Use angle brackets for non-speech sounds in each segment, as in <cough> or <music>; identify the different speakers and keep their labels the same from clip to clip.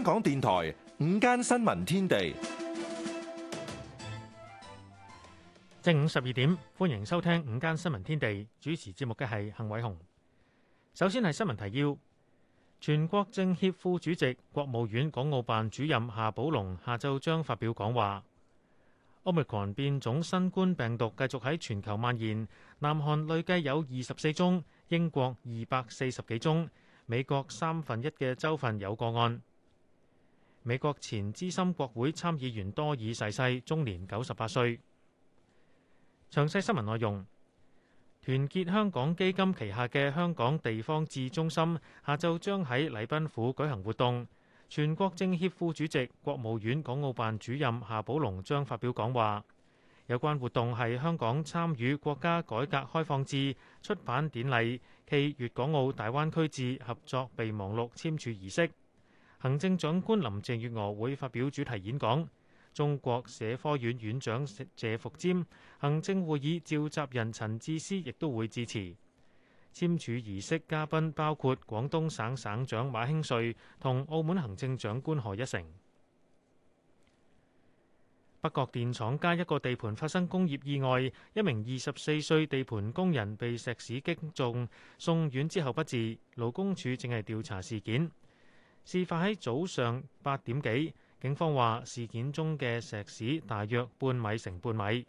Speaker 1: 香港電台
Speaker 2: 午間新聞天地，正午十二點，歡迎收聽午間新聞天地。主持節目嘅係幸偉雄。首先係新聞提要：全國政協副主席、國務院港澳辦主任夏寶龍下晝將發表講話。奧密克戎變種新冠病毒繼續喺全球蔓延，南韓累計有二十四宗，英國二百四十幾宗，美國三分一嘅州份有個案。美國前資深國會參議員多爾逝世，世，終年九十八歲。詳細新聞內容。團結香港基金旗下嘅香港地方志中心下晝將喺禮賓府舉行活動，全國政協副主席、國務院港澳辦主任夏寶龍將發表講話。有關活動係香港參與國家改革開放志出版典禮暨粵港澳大灣區志合作備忘錄簽署儀式。行政長官林鄭月娥會發表主題演講，中國社科院院長謝伏瞻、行政會議召集人陳智思亦都會致辭。簽署儀式嘉賓包括廣東省省省長馬興瑞同澳門行政長官賀一誠。北角電廠街一個地盤發生工業意外，一名二十四歲地盤工人被石屎擊中，送院之後不治。勞工處正係調查事件。事發喺早上八點幾，警方話事件中嘅石屎大約半米乘半米。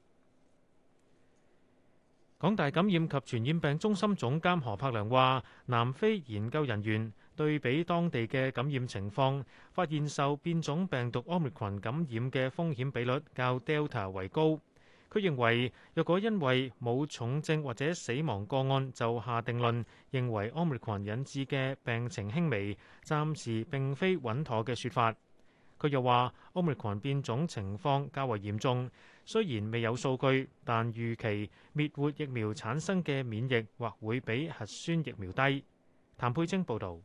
Speaker 2: 港大感染及傳染病中心總監何柏良話，南非研究人員對比當地嘅感染情況，發現受變種病毒 Omicron 感染嘅風險比率較 Delta 為高。佢認為，若果因為冇重症或者死亡個案就下定論，認為 Omicron 引致嘅病情輕微，暫時並非穩妥嘅說法。佢又話，Omicron 變種情況較為嚴重，雖然未有數據，但預期滅活疫苗產生嘅免疫或會比核酸疫苗低。譚佩晶報導。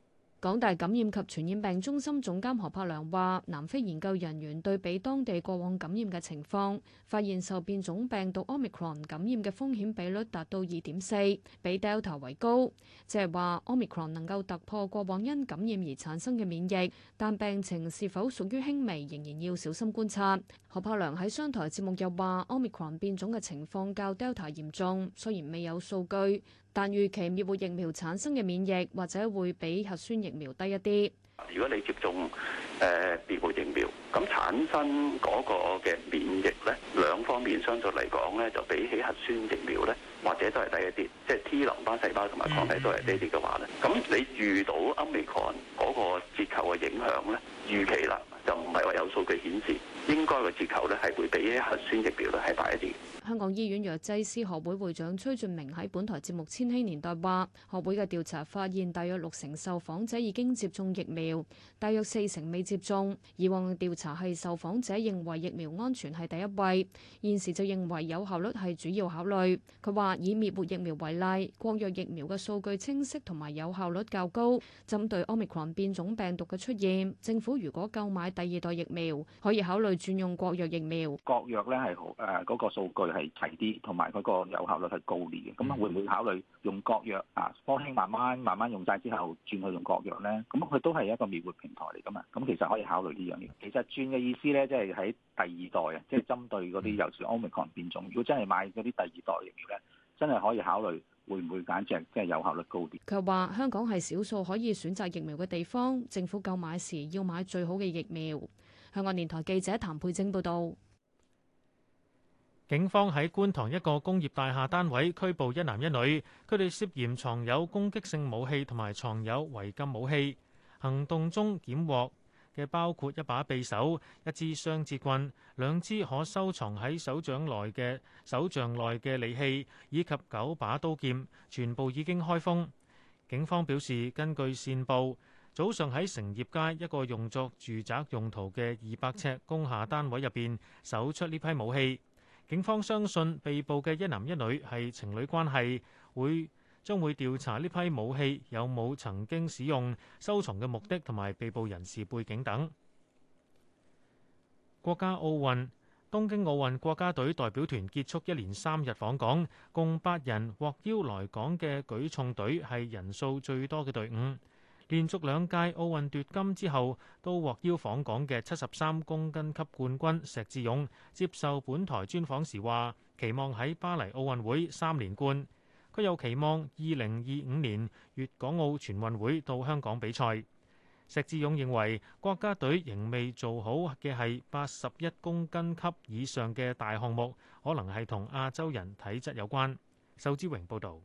Speaker 3: 港大感染及傳染病中心總監何柏良話：南非研究人員對比當地過往感染嘅情況，發現受變種病毒 Omicron 感染嘅風險比率達到二點四，比 Delta 為高。即係話 Omicron 能夠突破過往因感染而產生嘅免疫，但病情是否屬於輕微，仍然要小心觀察。何柏良喺商台節目又話：Omicron 變種嘅情況較 Delta 嚴重，雖然未有數據。但預期滅活疫苗產生嘅免疫或者會比核酸疫苗低一啲。
Speaker 4: 如果你接種誒滅活疫苗，咁產生嗰個嘅免疫咧，兩方面相對嚟講咧，就比起核酸疫苗咧，或者都係低一啲，即係 T 淋巴細胞同埋抗體都係低啲嘅話咧，咁你遇到 Omicron 嗰個折扣嘅影響咧，預期啦就
Speaker 1: 唔係話有數據顯示應該個折扣咧係會比核酸疫苗咧係大一啲。
Speaker 3: 香港醫院藥劑師學會會長崔俊明喺本台節目《千禧年代》話：學會嘅調查發現，大約六成受訪者已經接種疫苗，大約四成未接種。以往嘅調查係受訪者認為疫苗安全係第一位，現時就認為有效率係主要考慮。佢話：以滅活疫苗為例，國藥疫苗嘅數據清晰同埋有效率較高。針對 Omicron 變種病毒嘅出現，政府如果購買第二代疫苗，可以考慮轉用國藥疫苗。
Speaker 5: 國藥呢係誒嗰個數據係齊啲，同埋佢個有效率係高啲嘅，咁啊會唔會考慮用國藥啊？科興慢慢慢慢用晒之後，轉去用國藥咧？咁佢都係一個滅活平台嚟㗎嘛，咁其實可以考慮呢樣嘢。其實轉嘅意思咧，即係喺第二代啊，即係針對嗰啲尤其是奧密克戎變種。如果真係買嗰啲第二代疫苗咧，真係可以考慮，會唔會揀隻即係有效率高啲？
Speaker 3: 佢話香港係少數可以選擇疫苗嘅地方，政府購買時要買最好嘅疫苗。香港電台記者譚佩晶報導。
Speaker 2: 警方喺觀塘一個工業大廈單位拘捕一男一女，佢哋涉嫌藏有攻擊性武器同埋藏有違禁武器。行動中檢獲嘅包括一把匕首、一支雙截棍、兩支可收藏喺手掌內嘅手掌內嘅利器，以及九把刀劍，全部已經開封。警方表示，根據線報，早上喺成業街一個用作住宅用途嘅二百尺工廈單位入邊搜出呢批武器。警方相信被捕嘅一男一女係情侶關係，會將會調查呢批武器有冇曾經使用、收藏嘅目的同埋被捕人士背景等。國家奧運，東京奧運國家隊代表團結束一連三日訪港，共八人獲邀來港嘅舉重隊係人數最多嘅隊伍。連續兩屆奧運奪金之後，都獲邀訪港嘅七十三公斤級冠軍石智勇接受本台專訪時話：期望喺巴黎奧運會三連冠。佢又期望二零二五年粵港澳全運會到香港比賽。石智勇認為國家隊仍未做好嘅係八十一公斤級以上嘅大項目，可能係同亞洲人體質有關。仇志榮報導。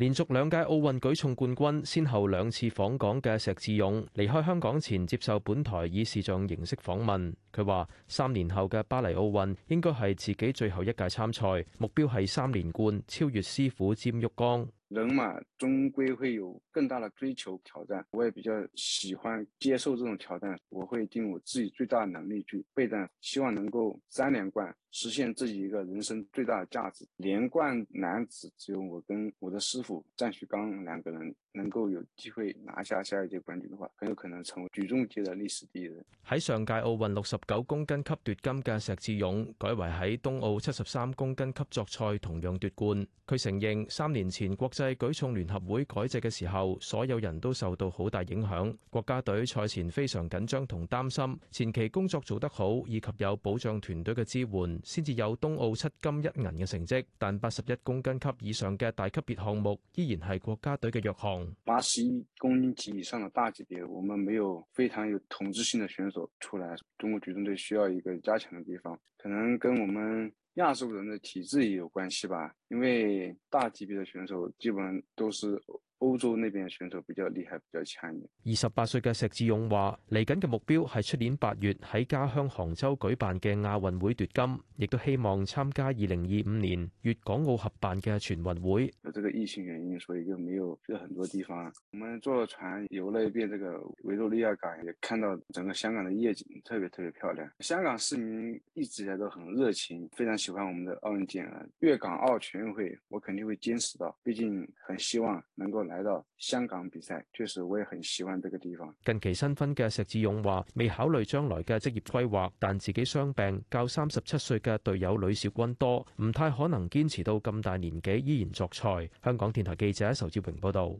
Speaker 5: 連續兩屆奧運舉重冠軍，先後兩次訪港嘅石智勇，離開香港前接受本台以視像形式訪問。佢話：三年後嘅巴黎奧運，應該係自己最後一屆參賽，目標係三連冠，超越師傅占旭剛。
Speaker 6: 人嘛，終歸會有更大的追求、挑戰。我也比較喜歡接受這種挑戰，我會盡我自己最大能力去備戰，希望能夠三連冠。實現自己一個人生最大的價值。連冠男子只有我跟我的師傅占旭剛兩個人能夠有機會拿下下一屆冠軍的話，很有可能成為舉重界的歷史第一人。
Speaker 5: 喺上屆奧運六十九公斤級奪金嘅石智勇，改為喺東奧七十三公斤級作賽，同樣奪冠。佢承認三年前國際舉重聯合會改制嘅時候，所有人都受到好大影響。國家隊賽前非常緊張同擔心，前期工作做得好，以及有保障團隊嘅支援。先至有東奧七金一銀嘅成績，但八十一公斤級以上嘅大級別項目依然係國家隊嘅弱項。
Speaker 6: 八十一公斤級以上嘅大級別，我們沒有非常有統治性嘅選手出來。中國舉重隊需要一個加強嘅地方，可能跟我們亞洲人嘅體質也有關係吧。因為大級別嘅選手基本都是。歐洲那邊嘅選手比較厲害，比較強嘅。
Speaker 5: 二十八歲嘅石智勇話：嚟緊嘅目標係出年八月喺家鄉杭州舉辦嘅亞運會奪金，亦都希望參加二零二五年粵港澳合辦嘅全運會。
Speaker 6: 有這個疫情原因，所以就沒有去很多地方。我們坐船遊了一遍這個維多利亞港，也看到整個香港的夜景特別特別漂亮。香港市民一直以來都很熱情，非常喜歡我們的奧運健兒。粵港澳全運會我肯定會堅持到，畢竟很希望能夠。來到香港比賽，確實，我也很喜歡這個地方。
Speaker 5: 近期新婚嘅石智勇話，未考慮將來嘅職業規劃，但自己傷病較三十七歲嘅隊友呂小軍多，唔太可能堅持到咁大年紀依然作賽。香港電台記者仇志榮報道。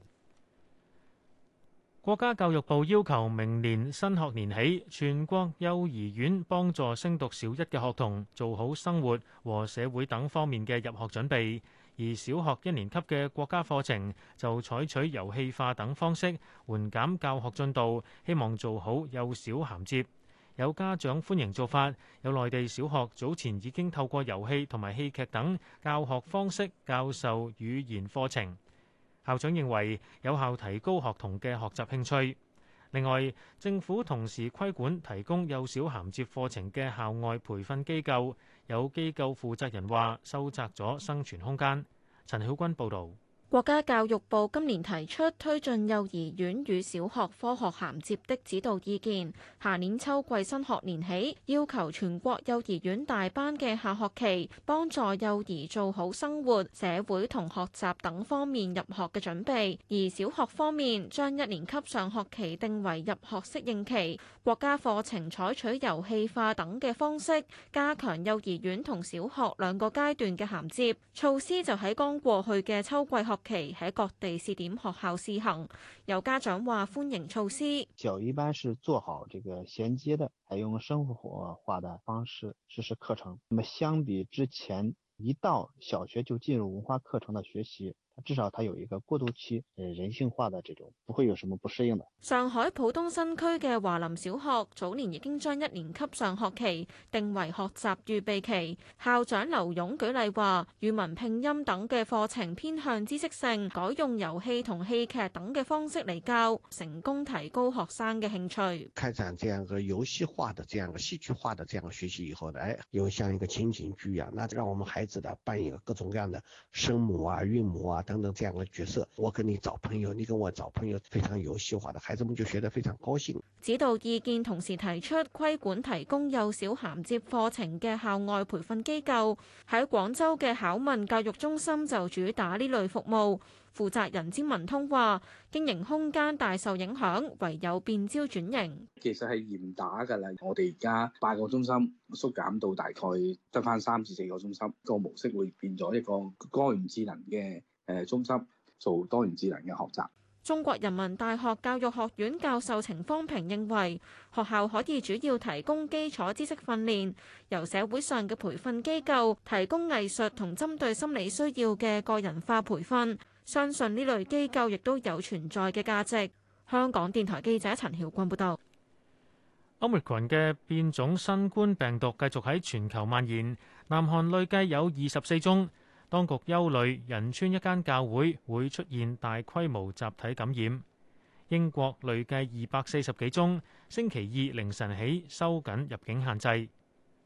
Speaker 2: 國家教育部要求明年新學年起，全國幼兒園幫助升讀小一嘅學童做好生活和社會等方面嘅入學準備。而小學一年級嘅國家課程就採取遊戲化等方式緩減教學進度，希望做好幼小銜接。有家長歡迎做法，有內地小學早前已經透過遊戲同埋戲劇等教學方式教授語言課程。校長認為有效提高學童嘅學習興趣。另外，政府同時規管提供幼小銜接課程嘅校外培訓機構。有機構負責人話：收窄咗生存空間。陳曉君報導。
Speaker 7: 國家教育部今年提出推進幼兒園與小學科學銜接的指導意見，下年秋季新學年起，要求全國幼兒園大班嘅下學期，幫助幼兒做好生活、社會同學習等方面入學嘅準備；而小學方面，將一年級上學期定為入學適應期，國家課程採取遊戲化等嘅方式，加強幼兒園同小學兩個階段嘅銜接。措施就喺剛過去嘅秋季學。其喺各地試點學校試行，有家長話歡迎措施。
Speaker 8: 小一般是做好這個銜接的，採用生活化的方式實施課程。那麼相比之前，一到小學就進入文化課程的學習。至少它有一個過渡期，呃，人性化的這種
Speaker 6: 不會有什麼不適應的。
Speaker 7: 上海浦東新區嘅華林小學早年已經將一年級上學期定為學習預備期。校長劉勇舉例話，語文拼音等嘅課程偏向知識性，改用遊戲同戲劇等嘅方式嚟教，成功提高學生嘅興趣。
Speaker 8: 開展這樣個遊戲化的、這樣個戲劇化的這樣個學習以後呢，誒，又像一個情景劇一樣，那讓我們孩子呢扮演各種各樣的聲母啊、韻母啊。等等，這樣的角色，我跟你找朋友，你跟我找朋友，非常有笑話的孩子們就學得非常高興。
Speaker 7: 指導意見同時提出規管提供幼小銜接課程嘅校外培訓機構喺廣州嘅巧問教育中心就主打呢類服務，負責人詹文通話：經營空間大受影響，唯有變招轉型。
Speaker 6: 其實係嚴打噶啦，我哋而家八個中心縮減到大概得翻三至四個中心，個,中心那個模式會變咗一個多元智能嘅。誒中心做多元智能嘅學習。
Speaker 7: 中國人民大學教育學院教授程方平認為，學校可以主要提供基礎知識訓練，由社會上嘅培訓機構提供藝術同針對心理需要嘅個人化培訓，相信呢類機構亦都有存在嘅價值。香港電台記者陳曉君報道。
Speaker 2: Omicron 嘅變種新冠病毒繼續喺全球蔓延，南韓累計有二十四宗。當局憂慮仁川一間教會會出現大規模集體感染。英國累計二百四十幾宗，星期二凌晨起收緊入境限制。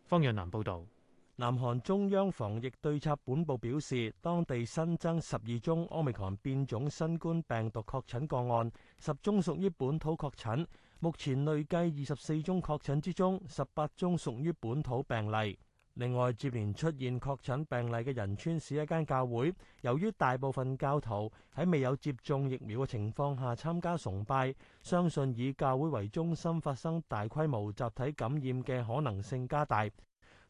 Speaker 2: 方若南報導。
Speaker 4: 南韓中央防疫對策本部表示，當地新增十二宗奧美克變種新冠病毒確診個案，十宗屬於本土確診，目前累計二十四宗確診之中，十八宗屬於本土病例。另外，接連出現確診病例嘅仁川市一間教會，由於大部分教徒喺未有接種疫苗嘅情況下參加崇拜，相信以教會為中心發生大規模集體感染嘅可能性加大。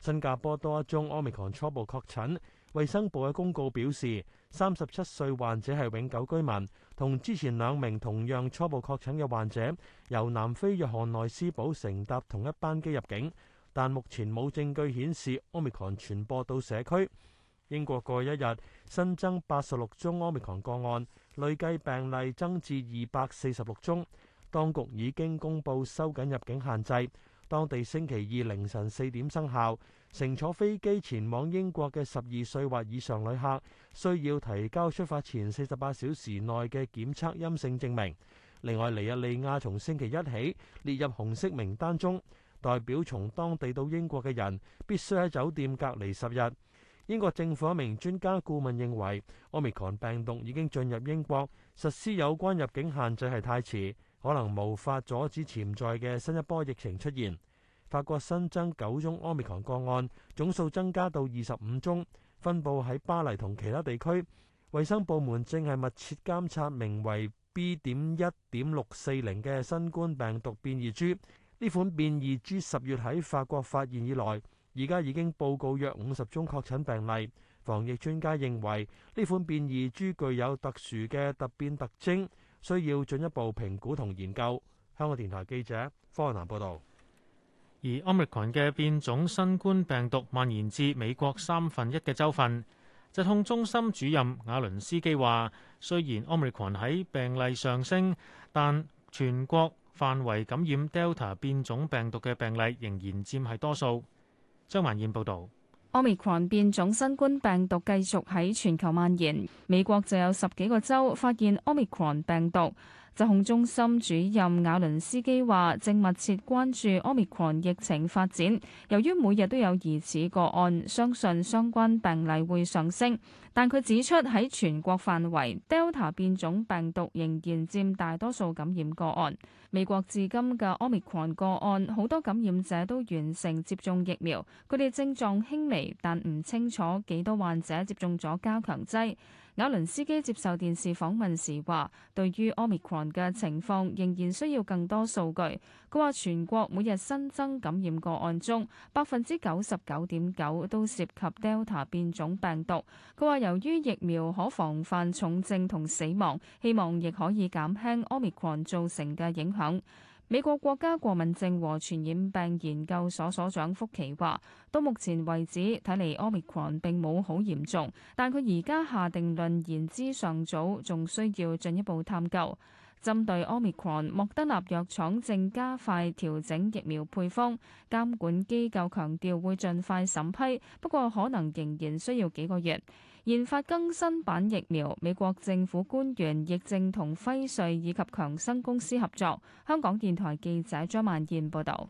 Speaker 4: 新加坡多一宗 Omicron 初步確診，衛生部嘅公告表示，三十七歲患者係永久居民，同之前兩名同樣初步確診嘅患者由南非約翰內斯堡乘搭同一班機入境。但目前冇證據顯示 Omicron 傳播到社區。英國過去一日新增八十六宗 Omicron 個案，累計病例增至二百四十六宗。當局已經公布收緊入境限制，當地星期二凌晨四點生效。乘坐飛機前往英國嘅十二歲或以上旅客需要提交出發前四十八小時內嘅檢測陰性證明。另外，尼日利亞從星期一起列入紅色名單中。代表從當地到英國嘅人必須喺酒店隔離十日。英國政府一名專家顧問認為，Omicron 病毒已經進入英國，實施有關入境限制係太遲，可能無法阻止潛在嘅新一波疫情出現。法國新增九宗 Omicron 個案，總數增加到二十五宗，分佈喺巴黎同其他地區。衛生部門正係密切監察名為 B 點一點六四零嘅新冠病毒變異株。呢款變異株十月喺法國發現以來，而家已經報告約五十宗確診病例。防疫專家認為呢款變異株具有特殊嘅突變特徵，需要進一
Speaker 2: 步評估同研究。香港電台記者方雲南報道。而奧密克戎嘅變種新冠病毒蔓延至美國三分一嘅州份。疾控中心主任瓦倫斯基話，雖然奧密克戎喺病例上升，但全國範圍感染 Delta 變種病毒嘅病例仍然佔係多數。張曼燕報導
Speaker 9: ，Omicron 變種新冠病毒繼續喺全球蔓延，美國就有十幾個州發現 Omicron 病毒。疾控中心主任瓦倫斯基話：正密切關注 Omicron 疫情發展，由於每日都有疑似個案，相信相關病例會上升。但佢指出喺全國範圍，Delta 變種病毒仍然佔大多數感染個案。美國至今嘅 Omicron 個案，好多感染者都完成接種疫苗，佢哋症狀輕微，但唔清楚幾多患者接種咗加強劑。瓦倫斯基接受電視訪問時話，對於 Omicron 嘅情況，仍然需要更多數據。佢話全國每日新增感染個案中，百分之九十九點九都涉及 Delta 變種病毒。佢話由於疫苗可防範重症同死亡，希望亦可以減輕 Omicron 造成嘅影響。美國國家過敏症和傳染病研究所所長福奇話，到目前為止，睇嚟 omicron 並冇好嚴重，但佢而家下定論言之尚早，仲需要進一步探究。針對 omicron，莫德納藥廠正加快調整疫苗配方，監管機構強調會盡快審批，不過可能仍然需要幾個月。研發更新版疫苗，美國政府官員亦正同輝瑞以及強生公司合作。香港電台記者張萬燕報導。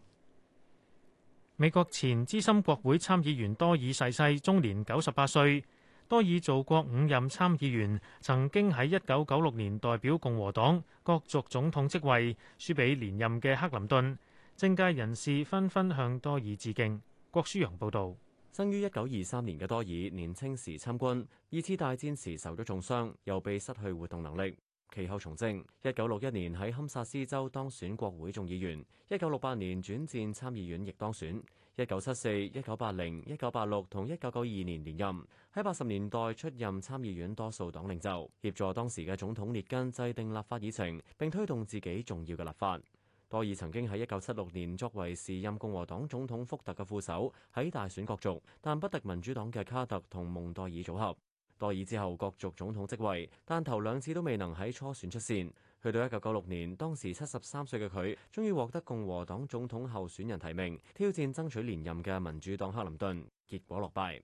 Speaker 2: 美國前資深國會參議員多爾逝世，世，終年九十八歲。多爾做過五任參議員，曾經喺一九九六年代表共和黨角逐總統職位，輸畀連任嘅克林頓。政界人士紛紛向多爾致敬。郭舒陽報導。生於一九二三年嘅多爾，年青時參軍，
Speaker 10: 二次大戰時受咗重傷，又被失去活動能力。其後從政，一九六一年喺堪薩斯州當選國會眾議員，一九六八年轉戰參議院亦當選，一九七四、一九八零、一九八六同一九九二年連任。喺八十年代出任參議院多數黨領袖，協助當時嘅總統列根制定立法議程，並推動自己重要嘅立法。多爾曾經喺一九七六年作為時任共和黨總統福特嘅副手喺大選角逐，但不敵民主黨嘅卡特同蒙代爾組合。多爾之後角逐總統職位，但頭兩次都未能喺初選出線。去到一九九六年，當時七十三歲嘅佢，終於獲得共和黨總統候選人提名，挑戰爭取連任嘅民主黨克林頓，結果落敗。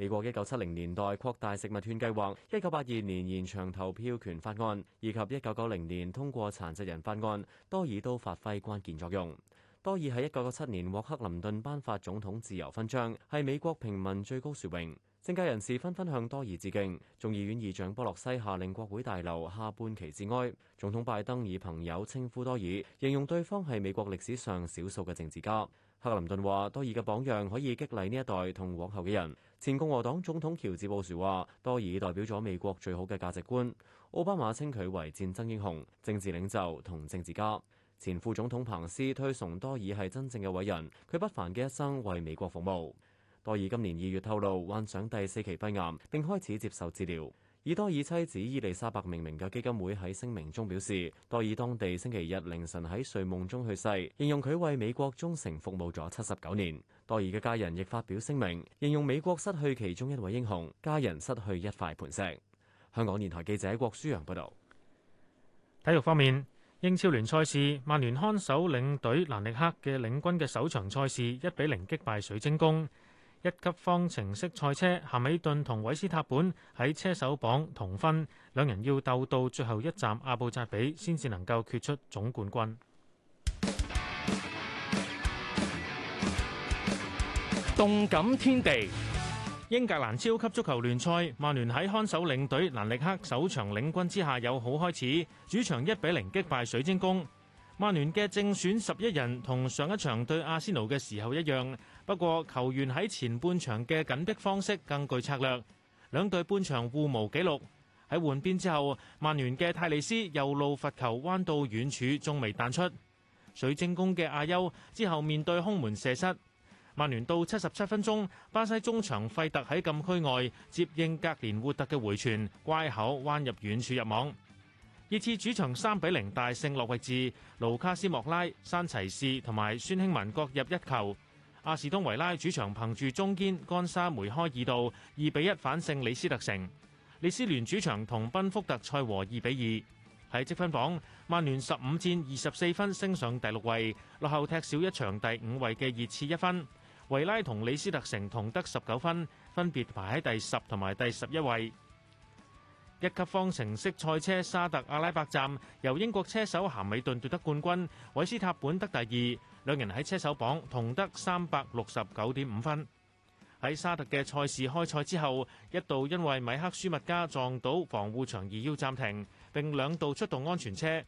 Speaker 10: 美國一九七零年代擴大食物券計劃，一九八二年延長投票權法案，以及一九九零年通過殘疾人法案，多爾都發揮關鍵作用。多爾喺一九九七年獲克林頓頒發總統自由勳章，係美國平民最高殊榮。政界人士紛紛向多爾致敬，眾議院議長波洛西下令國會大樓下半旗致哀。總統拜登以朋友稱呼多爾，形容對方係美國歷史上少數嘅政治家。克林頓話：多爾嘅榜樣可以激勵呢一代同往後嘅人。前共和黨總統喬治布殊話：多爾代表咗美國最好嘅價值觀。奧巴馬稱佢為戰爭英雄、政治領袖同政治家。前副總統彭斯推崇多爾係真正嘅偉人，佢不凡嘅一生為美國服務。多爾今年二月透露患上第四期肺癌，並開始接受治療。以多爾妻子伊麗莎白命名嘅基金會喺聲明中表示，多爾當地星期日凌晨喺睡夢中去世，形容佢為美國忠誠服務咗七十九年。多爾嘅家人亦發表聲明，形容美國失去其中一位英雄，家人失去
Speaker 2: 一塊磐石。香港電台記者郭舒揚報道。體育方面，英超聯賽事曼聯看守領隊蘭力克嘅領軍嘅首場賽事，一比零擊敗水晶宮。一級方程式賽車，咸美頓同韋斯塔本喺車手榜同分，兩人要鬥到最後一站阿布扎比，先至能夠決出總冠軍。動感天地，英格蘭超級足球聯賽，曼聯喺看守領隊蘭力克首場領軍之下有好開始，主場一比零擊敗水晶宮。曼聯嘅正選十一人同上一場對阿仙奴嘅時候一樣。不過球員喺前半場嘅緊逼方式更具策略，兩隊半場互無紀錄。喺換邊之後，曼聯嘅泰利斯右路罰球彎到遠處，仲未彈出水晶宮嘅阿優之後面對空門射失。曼聯到七十七分鐘，巴西中場費特喺禁區外接應格連活特嘅回傳，乖巧彎入遠處入網。熱刺主場三比零大勝諾域治，盧卡斯莫拉、山齊士同埋孫興文各入一球。阿士東維拉主場憑住中堅干沙梅開二度，二比一反勝李斯特城。里斯聯主場同賓福特賽和二比二。喺積分榜，曼聯十五戰二十四分升上第六位，落後踢少一場第五位嘅熱刺一分。維拉同李斯特城同得十九分，分別排喺第十同埋第十一位。一級方程式賽車沙特阿拉伯站，由英國車手咸美頓奪得冠軍，韋斯塔本得第二。兩人喺車手榜同得三百六十九點五分。喺沙特嘅賽事開賽之後，一度因為米克舒密加撞到防護牆而要暫停，並兩度出動安全車。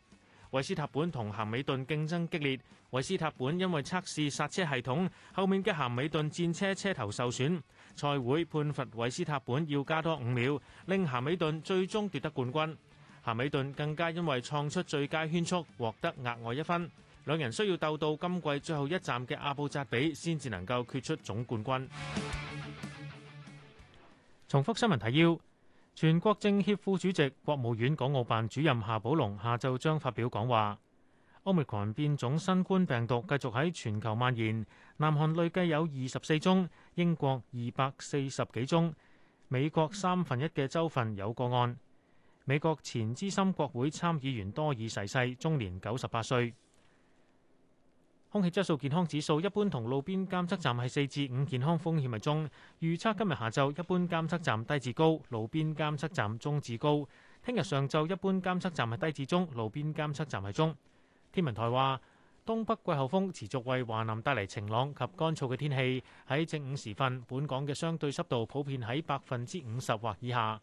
Speaker 2: 韋斯塔本同咸美頓競爭激烈，韋斯塔本因為測試煞車系統，後面嘅咸美頓戰車車頭受損，賽會判罰韋斯塔本要加多五秒，令咸美頓最終奪得冠軍。咸美頓更加因為創出最佳圈速，獲得額外一分。兩人需要鬥到今季最後一站嘅阿布扎比，先至能夠決出總冠軍。重複新聞提要：全國政協副主席、國務院港澳辦主任夏寶龍下晝將發表講話。Omicron 變種新冠病毒繼續喺全球蔓延，南韓累計有二十四宗，英國二百四十幾宗，美國三分一嘅州份有個案。美國前資深國會參議員多爾逝世，終年九十八歲。空氣質素健康指數一般同路邊監測站係四至五，健康風險係中。預測今日下晝一般監測站低至高，路邊監測站中至高。聽日上晝一般監測站係低至中，路邊監測站係中。天文台話，東北季候風持續為華南帶嚟晴朗及乾燥嘅天氣。喺正午時分，本港嘅相對濕度普遍喺百分之五十或以下。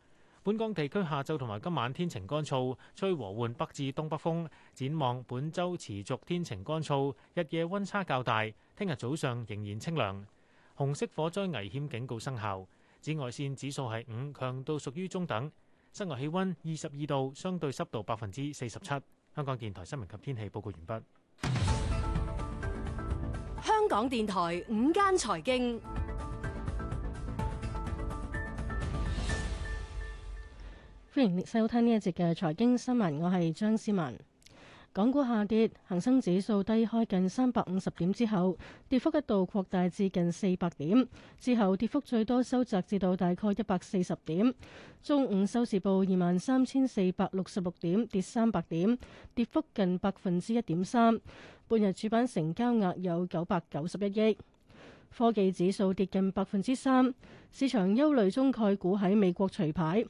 Speaker 2: 本港地區下晝同埋今晚天晴乾燥，吹和緩北至東北風。展望本周持續天晴乾燥，日夜溫差較大。聽日早上仍然清涼。紅色火災危險警告生效，紫外綫指數係五，強度屬於中等。室外氣溫二十二度，相對濕度百分之四十七。香港電台新聞及天氣報告完畢。
Speaker 11: 香港電台午間財經。歡迎收聽呢一節嘅財經新聞，我係張思文。港股下跌，恒生指數低開近三百五十點之後，跌幅一度擴大至近四百點之後，跌幅最多收窄至到大概一百四十點。中午收市報二萬三千四百六十六點，跌三百點，跌幅近百分之一點三。半日主板成交額有九百九十一億。科技指數跌近百分之三，市場憂慮中概股喺美國除牌。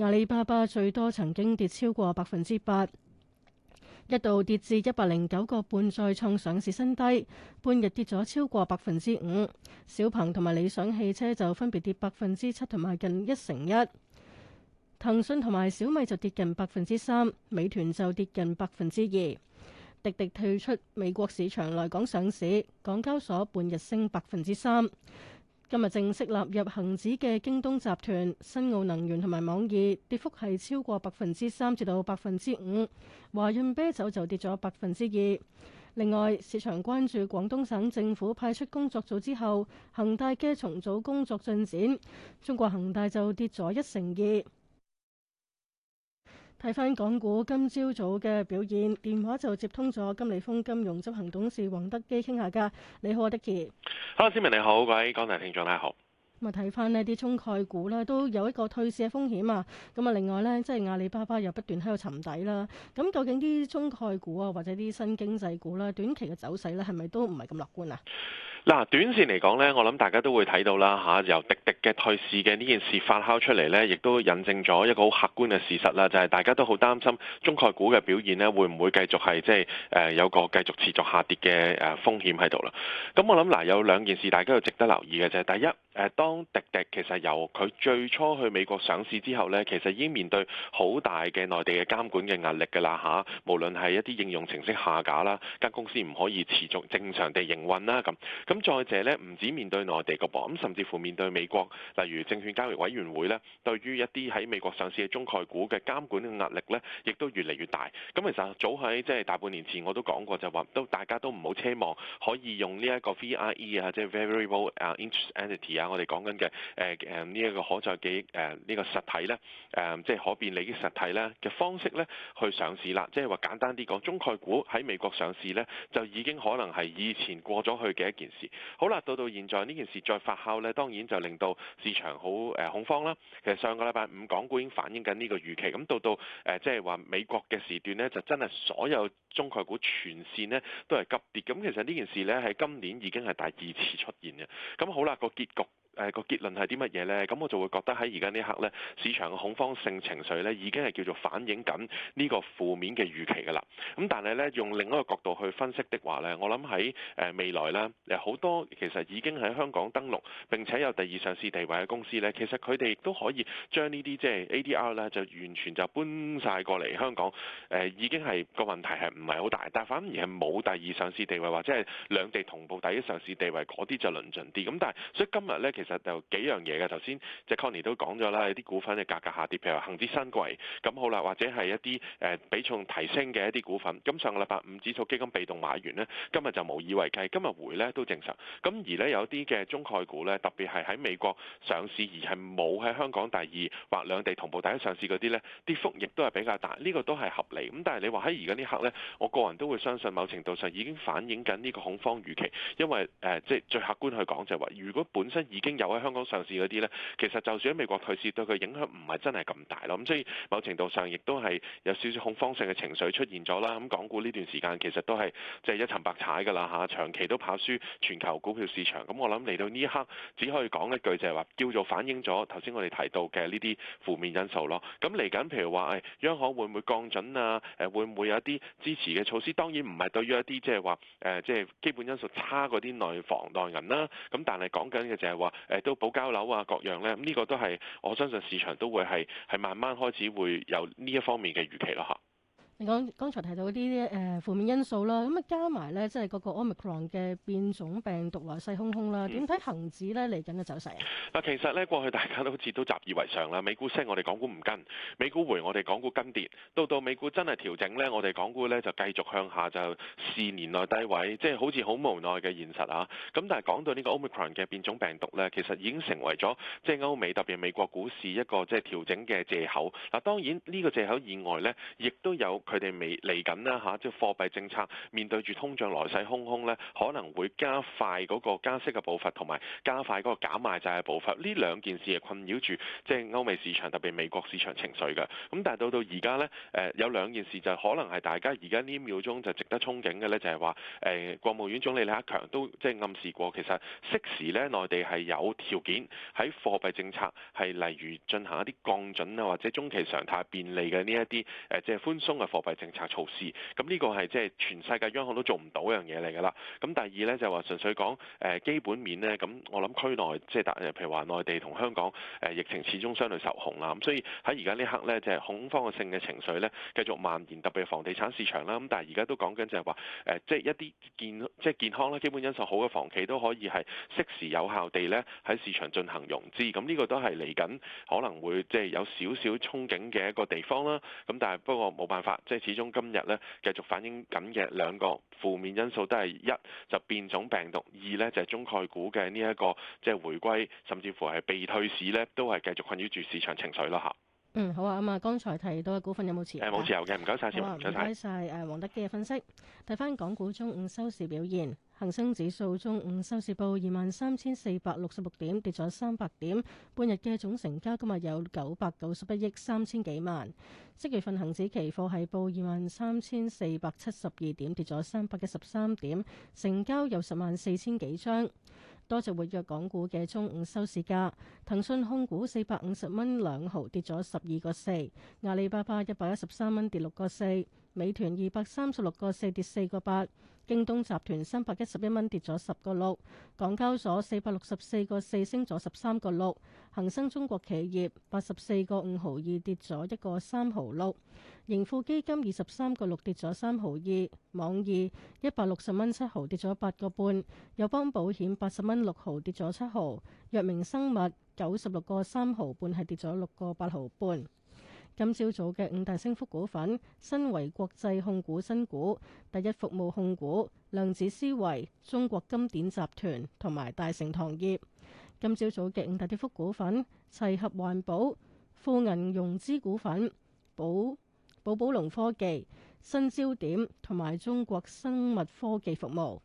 Speaker 11: 阿里巴巴最多曾經跌超過百分之八，一度跌至一百零九個半，再創上市新低。半日跌咗超過百分之五。小鵬同埋理想汽車就分別跌百分之七同埋近一成一。騰訊同埋小米就跌近百分之三，美團就跌近百分之二。滴滴退出美國市場來港上市，港交所半日升百分之三。今日正式納入恒指嘅京東集團、新奧能源同埋網易，跌幅係超過百分之三至到百分之五。華潤啤酒就跌咗百分之二。另外，市場關注廣東省政府派出工作組之後，恒大嘅重組工作進展，中國恒大就跌咗一成二。睇翻港股今朝早嘅表現，電話就接通咗金利豐金融執行董事黃德基傾下架。你好，德基。
Speaker 1: Hello，市民你好，各位廣大聽眾大家好。
Speaker 11: 咁啊，睇翻呢啲中概股咧，都有一個退市嘅風險啊。咁啊，另外呢，即係阿里巴巴又不斷喺度沉底啦。咁究竟啲中概股啊，或者啲新經濟股啦，短期嘅走勢呢，係咪都唔係咁樂觀啊？
Speaker 1: 嗱，短線嚟講呢，我諗大家都會睇到啦嚇，啊，由滴滴嘅退市嘅呢件事發酵出嚟呢，亦都引證咗一個好客觀嘅事實啦，就係、係，大家都好擔心中概股嘅表現呢，會唔會繼續係即係誒有個繼續持續下跌嘅誒風險喺度啦？咁、嗯，我諗嗱，啊，有兩件事大家要值得留意嘅就啫。第一，誒、呃，當滴滴其實由佢最初去美國上市之後呢，其實已經面對好大嘅內地嘅監管嘅壓力噶啦嚇，無論係一啲應用程式下架啦，間公司唔可以持續正常地營運啦咁。啊。咁再者咧，唔止面對內地個波，咁甚至乎面對美國，例如證券交易委員會咧，對於一啲喺美國上市嘅中概股嘅監管嘅壓力咧，亦都越嚟越大。咁其實早喺即係大半年前我都講過，就話都大家都唔好奢望可以用呢一個 VIE 啊，即係 Variable Interest Entity 啊，我哋講緊嘅誒誒呢一個可再記誒呢、這個實體咧誒即係可變利嘅實體咧嘅方式咧去上市啦。即係話簡單啲講中概股喺美國上市咧，就已經可能係以前過咗去嘅一件事。好啦，到到現在呢件事再發酵呢，當然就令到市場好誒、呃、恐慌啦。其實上個禮拜五港股已經反映緊呢個預期，咁、嗯、到到誒即係話美國嘅時段呢，就真係所有中概股全線呢都係急跌。咁、嗯、其實呢件事呢，喺今年已經係第二次出現嘅。咁、嗯、好啦，個結局。誒個結論係啲乜嘢呢？咁我就會覺得喺而家呢刻咧，市場嘅恐慌性情緒咧，已經係叫做反映緊呢個負面嘅預期㗎啦。咁但係呢，用另一個角度去分析的話呢，我諗喺誒未來咧，好多其實已經喺香港登陸並且有第二上市地位嘅公司呢，其實佢哋亦都可以將呢啲即係 ADR 呢，就完全就搬晒過嚟香港。誒、呃、已經係個問題係唔係好大，但反而係冇第二上市地位，或者係兩地同步第一上市地位嗰啲就論盡啲。咁但係所以今日呢。其實就幾樣嘢嘅，頭先即 Conny 都講咗啦，有啲股份嘅價格下跌，譬如恒指新貴，咁好啦，或者係一啲誒比重提升嘅一啲股份。咁上個禮拜五指數基金被動買完呢，今日就無以為繼，今日回呢都正常。咁而呢，有啲嘅中概股呢，特別係喺美國上市而係冇喺香港第二或兩地同步第一上市嗰啲呢，跌幅亦都係比較大。呢個都係合理。咁但係你話喺而家呢刻呢，我個人都會相信某程度上已經反映緊呢個恐慌預期，因為誒即係最客觀去講就係話，如果本身已經，有喺香港上市嗰啲呢，其實就算喺美國退市，對佢影響唔係真係咁大咯。咁所以某程度上亦都係有少少恐慌性嘅情緒出現咗啦。咁港股呢段時間其實都係即係一沉百踩噶啦吓，長期都跑輸全球股票市場，咁我諗嚟到呢一刻，只可以講一句就係話叫做反映咗頭先我哋提到嘅呢啲負面因素咯。咁嚟緊譬如話誒央行會唔會降準啊？誒會唔會有一啲支持嘅措施？當然唔係對於一啲即係話誒即係基本因素差嗰啲內房內銀啦。咁但係講緊嘅就係話。誒都補交樓啊，各樣咧，呢個都係我相信市場都會係係慢慢開始會有呢一方面嘅預期咯，嚇。
Speaker 11: 講剛才提到嗰啲誒負面因素啦，咁啊加埋呢，即係嗰個 Omicron 嘅變種病毒來勢洶洶啦。點睇恒指呢？嚟緊嘅走勢啊？
Speaker 1: 嗱，其實呢，過去大家都好似都習以為常啦。美股升，我哋港股唔跟；美股回，我哋港股跟跌。到到美股真係調整呢，我哋港股呢就繼續向下，就試年內低位，即係好似好無奈嘅現實啊。咁但係講到呢個 Omicron 嘅變種病毒呢，其實已經成為咗即係歐美特別美國股市一個即係調整嘅藉口。嗱，當然呢個藉口以外呢，亦都有。佢哋未嚟緊啦吓，即係貨幣政策面對住通脹來勢洶洶咧，可能會加快嗰個加息嘅步伐，同埋加快嗰個減買債嘅步伐。呢兩件事係困擾住即係歐美市場特別美國市場情緒嘅。咁但係到到而家咧，誒有兩件事就可能係大家而家呢一秒鐘就值得憧憬嘅咧，就係話誒國務院總理李克強都即係暗示過，其實適時咧內地係有條件喺貨幣政策係例如進行一啲降準啊，或者中期常態便利嘅呢一啲誒即係寬鬆嘅貨貨幣政策措施，咁、這、呢個係即係全世界央行都做唔到一樣嘢嚟噶啦。咁第二呢就係話純粹講誒基本面呢，咁我諗區內即係譬如話內地同香港誒疫情始終相對受控啦。咁所以喺而家呢刻呢，就係恐慌性嘅情緒呢，繼續蔓延，特別房地產市場啦。咁但係而家都講緊就係話，誒，即係一啲健即係健康啦、基本因素好嘅房企都可以係適時有效地呢，喺市場進行融資。咁、這、呢個都係嚟緊可能會即係有少少憧憬嘅一個地方啦。咁但係不過冇辦法。即係始終今日咧，繼續反映緊嘅兩個負面因素都係一就變種病毒，二咧就係、是、中概股嘅呢一個即係、就是、回歸，甚至乎係被退市咧，都係繼續困擾住市場情緒啦嚇。
Speaker 11: 嗯，好啊，咁、嗯、啊，剛才提到嘅股份有冇持有？誒，冇持有
Speaker 1: 嘅，唔該晒先，唔
Speaker 11: 該晒，誒，黃德基嘅分析。睇翻 <noise> 港股中午收市表現，恒生指數中午收市報二萬三千四百六十六點，跌咗三百點。半日嘅總成交今日有九百九十一億三千幾萬。即月份恒指期貨係報二萬三千四百七十二點，跌咗三百一十三點，成交有十萬四千幾張。多隻活躍港股嘅中午收市價，騰訊控股四百五十蚊兩毫，跌咗十二個四，阿里巴巴一百一十三蚊，跌六個四。美團二百三十六個四跌四個八，京東集團三百一十一蚊跌咗十個六，港交所四百六十四個四升咗十三個六，恒生中國企業八十四個五毫二跌咗一個三毫六，盈富基金二十三個六跌咗三毫二，網易一百六十蚊七毫跌咗八個半，友邦保險八十蚊六毫跌咗七毫，藥明生物九十六個三毫半係跌咗六個八毫半。今朝早嘅五大升幅股份：身為國際控股、新股第一服務控股、量子思維、中國金典集團同埋大成糖業。今朝早嘅五大跌幅股份：齊合環保、富銀融資股份、寶寶寶龍科技、新焦點同埋中國生物科技服務。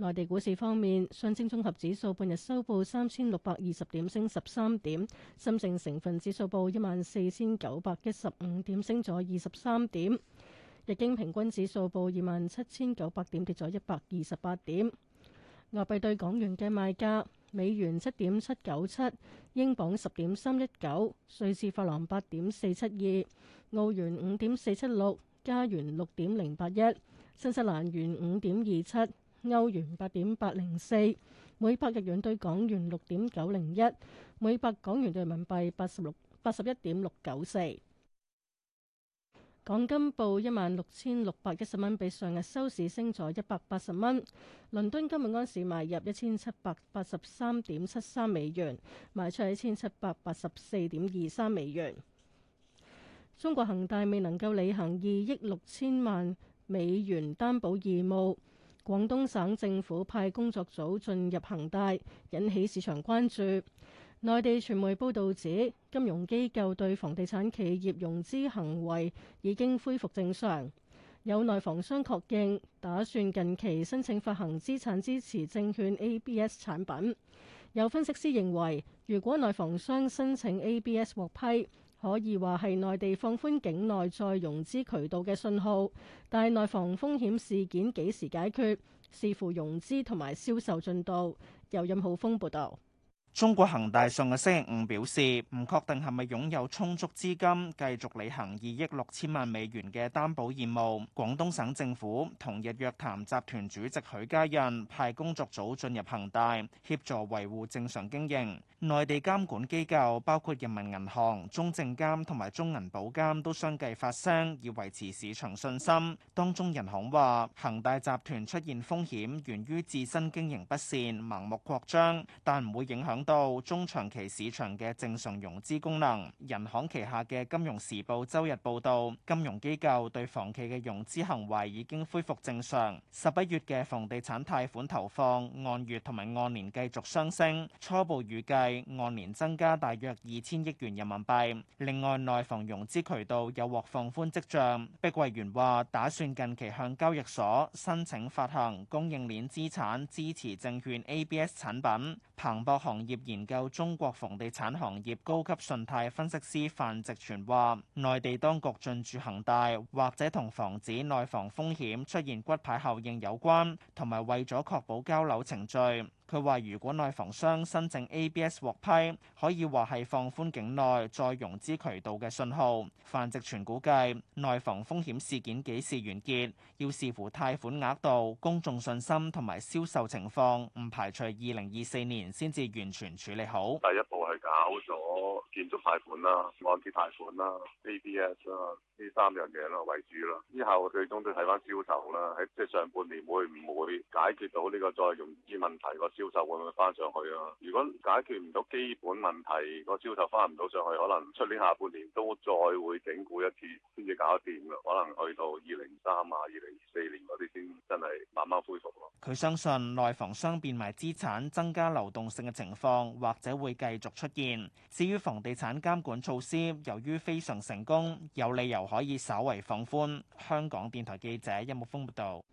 Speaker 11: 內地股市方面，上證綜合指數半日收報三千六百二十點，升十三點；深證成分指數報一萬四千九百一十五點，升咗二十三點；日經平均指數報二萬七千九百點，跌咗一百二十八點。外幣對港元嘅賣價：美元七點七九七，英鎊十點三一九，瑞士法郎八點四七二，澳元五點四七六，加元六點零八一，新西蘭元五點二七。歐元八點八零四，每百日元對港元六點九零一，每百港元對人民幣八十六八十一點六九四。港金報一萬六千六百一十蚊，比上日收市升咗一百八十蚊。倫敦今日安市買入一千七百八十三點七三美元，賣出喺一千七百八十四點二三美元。中國恒大未能夠履行二億六千萬美元擔保義務。廣東省政府派工作組進入恒大，引起市場關注。內地傳媒報導指，金融機構對房地產企業融資行為已經恢復正常。有內房商確認，打算近期申請發行資產支持證券 ABS 產品。有分析師認為，如果內房商申請 ABS 獲批，可以話係內地放寬境內再融資渠道嘅信號，但係內房風險事件幾時解決，視乎融資同埋銷售進度。由任浩峯報導。
Speaker 8: 中國恒大上個星期五表示，唔確定係咪擁有充足資金繼續履行二億六千萬美元嘅擔保義務。廣東省政府同日約談集團主席許家印派工作組進入恒大，協助維護正常經營。內地監管機構包括人民銀行、中證監同埋中銀保監都相繼發聲，以維持市場信心。當中人行話，恒大集團出現風險源於自身經營不善、盲目擴張，但唔會影響到中長期市場嘅正常融資功能。人行旗下嘅《金融時報》周日報道，金融機構對房企嘅融資行為已經恢復正常。十一月嘅房地產貸款投放按月同埋按年繼續上升，初步預計按年增加大約二千億元人民幣。另外，內房融資渠道有獲放寬跡象。碧桂園話，打算近期向交易所申請發行供應鏈資產支持證券 ABS 產品。彭博行業研究中國房地產行業高級信貸分析師范植傳話，內地當局進駐恒大，或者同防止內房風險出現骨牌效應有關，同埋為咗確保交樓程序。佢話：如果內房商申請 ABS 獲批，可以話係放寬境內再融資渠道嘅信號。范植全估計，內房風險事件幾時完結，要視乎貸款額度、公眾信心同埋銷售情況，唔排除二零二四年先至完全處理好。
Speaker 1: 第一步係搞咗。建築貸款啦、按揭貸款啦、A B S 啦，呢三樣嘢咯為主咯。之後最終都睇翻銷售啦，喺即係上半年會唔會解決到呢個再融資問題，個銷售會唔會翻上去啊？如果解決唔到基本問題，個銷售翻唔到上去，可能出年下半年都再會整固一次先至搞掂㗎。可能去到二零三啊、二零二四年嗰啲先真係慢慢恢
Speaker 8: 復咯。佢相信內房商變賣資產增加流動性嘅情況或者會繼續出現。至於房地產監管措施由於非常成功，有理由可以稍為放寬。香港電台記者殷木峰報道，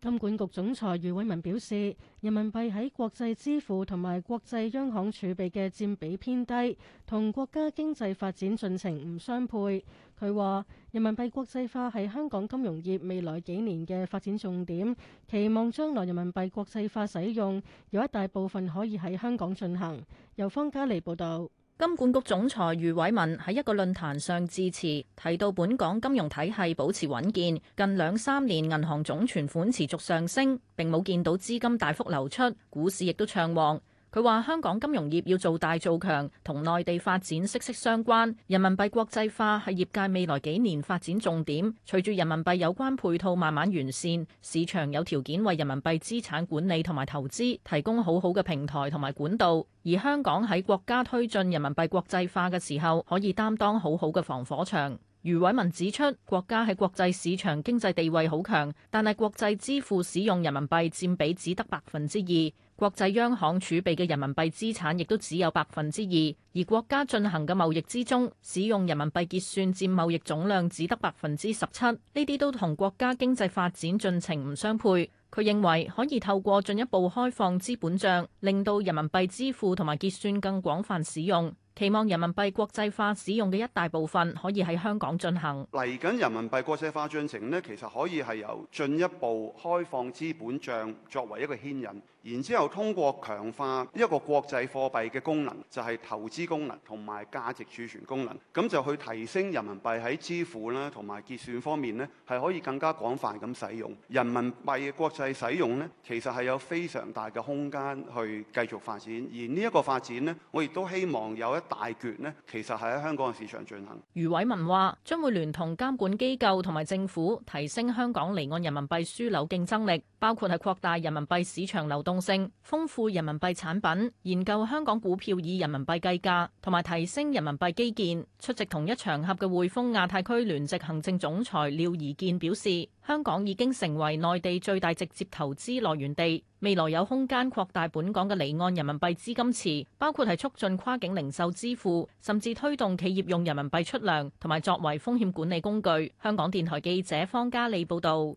Speaker 11: 金管局總裁余偉文表示，人民幣喺國際支付同埋國際央行儲備嘅佔比偏低，同國家經濟發展進程唔相配。佢話，人民幣國際化係香港金融業未來幾年嘅發展重點，期望將來人民幣國際化使用有一大部分可以喺香港進行。由方嘉利報道。
Speaker 12: 金管局總裁余偉文喺一個論壇上致辭，提到本港金融體系保持穩健，近兩三年銀行總存款持續上升，並冇見到資金大幅流出，股市亦都暢旺。佢話：香港金融業要做大做強，同內地發展息息相關。人民幣國際化係業界未來幾年發展重點。隨住人民幣有關配套慢慢完善，市場有條件為人民幣資產管理同埋投資提供好好嘅平台同埋管道。而香港喺國家推進人民幣國際化嘅時候，可以擔當好好嘅防火牆。余偉文指出，國家喺國際市場經濟地位好強，但係國際支付使用人民幣佔比只得百分之二。國際央行儲備嘅人民幣資產亦都只有百分之二，而國家進行嘅貿易之中，使用人民幣結算佔貿易總量只得百分之十七。呢啲都同國家經濟發展進程唔相配。佢認為可以透過進一步開放資本帳，令到人民幣支付同埋結算更廣泛使用，期望人民幣國際化使用嘅一大部分可以喺香港進行。嚟
Speaker 8: 緊人民幣國際化進程呢，其實可以係由進一步開放資本帳作為一個牽引。然之後，通過強化一個國際貨幣嘅功能，就係、是、投資功能同埋價值儲存功能，咁就去提升人民幣喺支付啦同埋結算方面咧，係可以更加廣泛咁使用人民幣嘅國際使用咧，其實係有非常大嘅空間去繼續發展。而呢一個發展咧，我亦都希望有一大橛咧，其實係喺香港嘅市場進
Speaker 12: 行。余偉文話：將會聯同監管機構同埋政府提升香港離岸人民幣樞紐競爭力，包括係擴大人民幣市場流動。豐富人民幣產品，研究香港股票以人民幣計價同埋提升人民幣基建。出席同一場合嘅滙豐亞太區聯席行政總裁廖宜健表示：香港已經成為內地最大直接投資來源地，未來有空間擴大本港嘅離岸人民幣資金池，包括係促進跨境零售支付，甚至推動企業用人民幣出糧，同埋作為風險管理工具。香港電台記者方嘉莉報道。